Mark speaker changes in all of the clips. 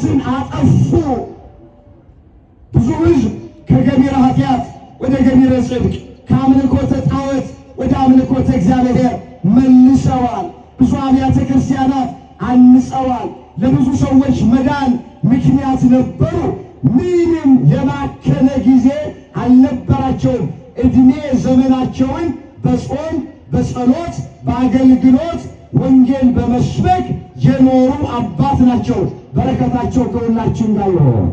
Speaker 1: ኃጢአትን አጠፉ። ብዙ ሕዝብ ከገቢረ ኃጢአት ወደ ገቢረ ጽድቅ፣ ከአምልኮተ ጣዖት ወደ አምልኮተ እግዚአብሔር መልሰዋል። ብዙ አብያተ ክርስቲያናት አንጸዋል። ለብዙ ሰዎች መዳን ምክንያት ነበሩ። ምንም የባከነ ጊዜ አልነበራቸውም። እድሜ ዘመናቸውን በጾም በጸሎት በአገልግሎት ወንጌል በመስበክ የኖሩም አባት ናቸው። በረከታቸው ከሁላችሁ ጋር ይሆን።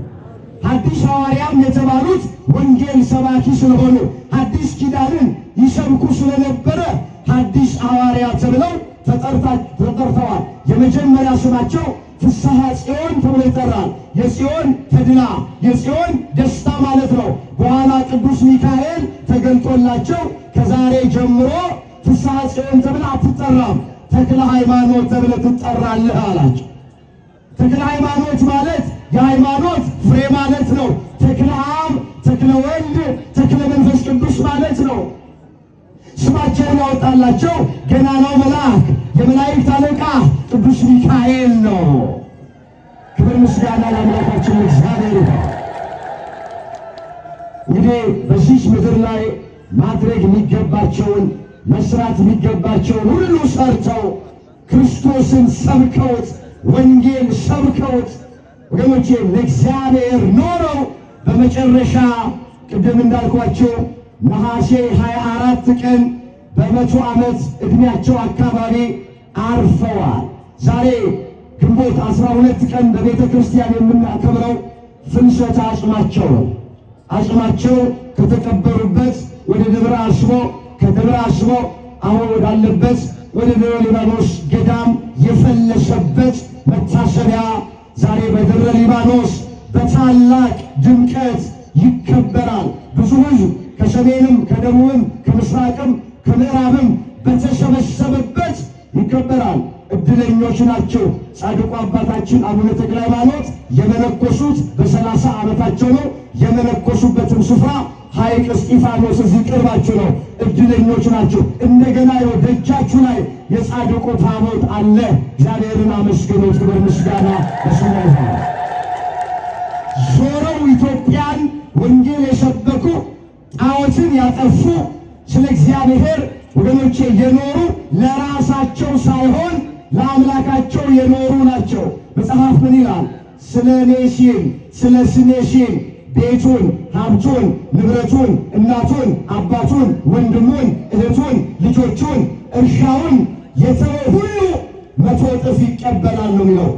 Speaker 1: ሐዲስ ሐዋርያም የተባሉት ወንጌል ሰባኪ ስለሆኑ ሐዲስ ኪዳንን ይሰብኩ ስለነበረ ሐዲስ ሐዋርያ ተብለው ተጠርተዋል። የመጀመሪያ ስማቸው ፍስሐ ጽዮን ተብሎ ይጠራል። የጽዮን ተድላ የጽዮን ደስታ ማለት ነው። በኋላ ቅዱስ ሚካኤል ተገልጦላቸው ከዛሬ ጀምሮ ፍስሐ ጽዮን ተብላ አትጠራም ተክለ ሃይማኖት ተብለህ ትጠራለህ አላቸው። ተክለ ሃይማኖት ማለት የሃይማኖት ፍሬ ማለት ነው። ተክለ አብ፣ ተክለ ወልድ፣ ተክለ መንፈስ ቅዱስ ማለት ነው። ስማቸውን ያወጣላቸው ገናናው መልአክ የመላእክት አለቃ ቅዱስ ሚካኤል ነው። ክብር ምስጋና ለአምላካችን እግዚአብሔር። እንግዲህ በዚች ምድር ላይ ማድረግ የሚገባቸውን መስራት ሊገባቸውን ሁሉ ሰርተው ክርስቶስን ሰብከውት ወንጌል ሰብከውት ወገኖቼ ለእግዚአብሔር ኖረው በመጨረሻ ቅድም እንዳልኳቸው ነሐሴ 24 ቀን በመቶ ዓመት ዕድሜያቸው አካባቢ አርፈዋል። ዛሬ ግንቦት 12 ቀን በቤተ ክርስቲያን የምናከብረው ፍልሰተ አጽማቸው ነው። አጽማቸው ከተቀበሩበት ወደ ደብረ አስቦ ተበላሽቶ አሁን ወዳለበት ወደ ደብረ ሊባኖስ ገዳም የፈለሰበት መታሰቢያ ዛሬ በደብረ ሊባኖስ በታላቅ ድምቀት ይከበራል። ብዙ ሕዝብ ከሰሜንም ከደቡብም ከምስራቅም ከምዕራብም በተሰበሰበበት ይከበራል። እድለኞች ናቸው። ጻድቁ አባታችን አቡነ ተክለ ሃይማኖት የመነኮሱት በሰላሳ ዓመታቸው ነው። የመነኮሱበትን ስፍራ ሐይቅ እስጢፋኖስ እዚህ ቅርባችሁ ነው። እድለኞች ናችሁ። እንደገና የው ደጃችሁ ላይ የጻድቁ ታቦት አለ። እግዚአብሔርን አመስግኑት። ክብር ምስጋና በስሙ ዞረው ኢትዮጵያን ወንጌል የሰበኩ ጣዖትን ያጠፉ ስለ እግዚአብሔር ወገኖቼ የኖሩ ለራሳቸው ሳይሆን ለአምላካቸው የኖሩ ናቸው። መጽሐፍ ምን ይላል? ስለ እኔ ሲል ስለ ስሜ ሲል ቤቱን፣ ሀብቱን፣ ንብረቱን፣ እናቱን፣ አባቱን፣ ወንድሙን፣ እህቱን፣ ልጆቹን፣ እርሻውን የሰው ሁሉ መቶ እጥፍ ይቀበላል ነው የሚለው።